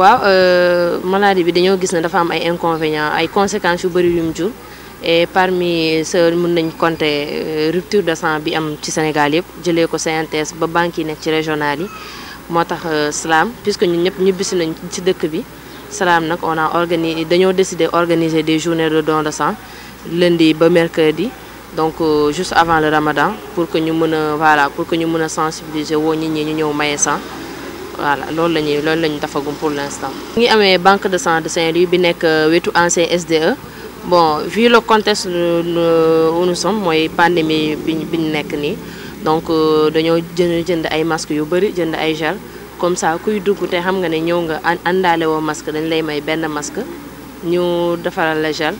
waaw euh, maladie bi dañoo gis ne dafa am ay inconvénients ay conséquences yu bëri yu mu jur et parmi ceux mën nañ compter euh, rupture de sang bi am ci Sénégal yëpp jëlee ko CNTS ba banques yi nekk ci régional yi moo tax euh, SLAM puisque ñun ñëpp ñibbisi nañ ci dëkk bi SLAM nag on a organisé dañoo décidé organiser des journées de don de sang lundi ba mercredi donc juste avant le Ramadan pour que ñu mën a voilà pour que ñu mën a sensibiliser woo nit ñi ñu ñëw maye sang voilà loolu la ñuy loolu la ñu dafagum pour l' instant. mu ngi amee banque de sang de Saint-Louis bi nekk euh, wetu ancien SDE bon vu le contexte où nous mooy pandémie bi bi ñu nekk nii donc euh, dañoo jënd jënd ay masques yu bëri jënd ay gel comme ça kuy dugg te xam nga ne ñëw nga àndaale woo masque dañ lay may benn masque ñu defaral la gel.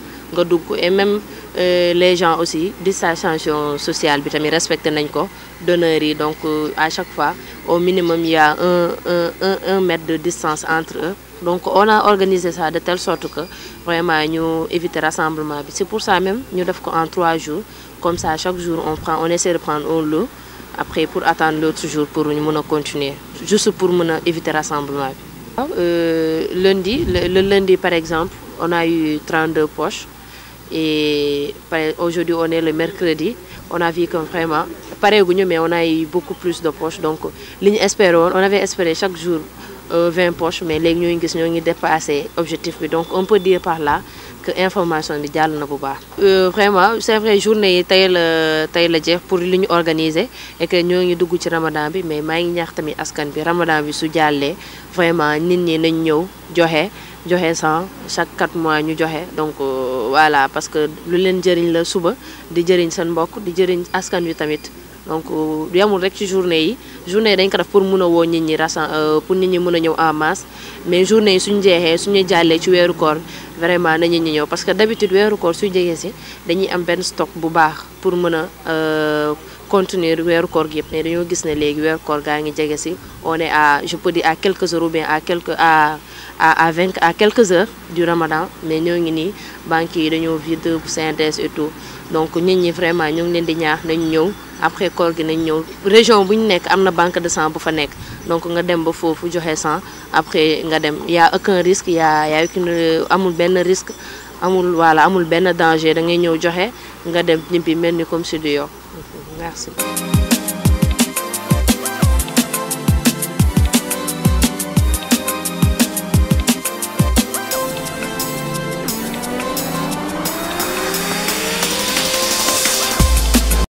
et même euh, les gens aussi distanciation sociale bi tamit respecté nañ ko donc euh, à chaque fois au minimum il y a un mètre de distance entre eux donc on a organisé ça de telle sorte que vraiment ñu éviter rassemblement bi c'est pour ça même ñu def ko en trois jours comme ça chaque jour on on essaie de prendre un lot après pour attendre l'autre jour pour ñu continuer juste pour éviter éviter rassemblement euh, lundi le lundi par exemple on a eu 32 poches. Et aujourd'hui, on est le mercredi. On a vu que vraiment, pareil, mais on a eu beaucoup plus de poches. Donc, on avait espéré chaque jour 20 euh, poches, mais les gens ont dépassé l'objectif. Donc, on peut dire par là que l'information est déjà euh, Vraiment, c'est vrai, journée est la pour nous organiser et que nous avons dugg le Ramadan mais ma ngi à le askan bi Ramadan bi su vraiment nit joxe sang chaque quatre mois ñu joxe donc euh, voilà parce que lu leen jëriñ la suba di jëriñ seen mbokk di jëriñ askan wi tamit donc du euh, yamul rek ci journée yi journée yi dañ ko def pour mun a woo nit ñi rasan euh, pour nit ñi mun a ñëw en masse mais journée yi suñu jeexee suñu jàllee ci weeru koor vraiment nañu nit ñëw parce que d'habitude weeru koor suy jegee si dañuy am benn stock bu baax pour mën a continuer wer koor gi mais dañu gis ne léegi wer koor gaa ngi jege si on est à je peux dire à quelques heures ou bien à quelques à à à vingt à quelques heures du Ramadan mais ñoo ngi nii banques yi dañoo vide synthèse et tout donc nit ñi vraiment ñu ngi leen di ñaax nañ ñëw après koor gi nañ ñëw région bu ñu nekk am na banque de sang bu fa nekk donc nga dem ba foofu joxe sang après nga dem y a aucun risque y a y a aucune amul benn risque amul voilà amul benn danger da ngay ñëw joxe nga dem ñibbi mel ni comme si du yow Merci.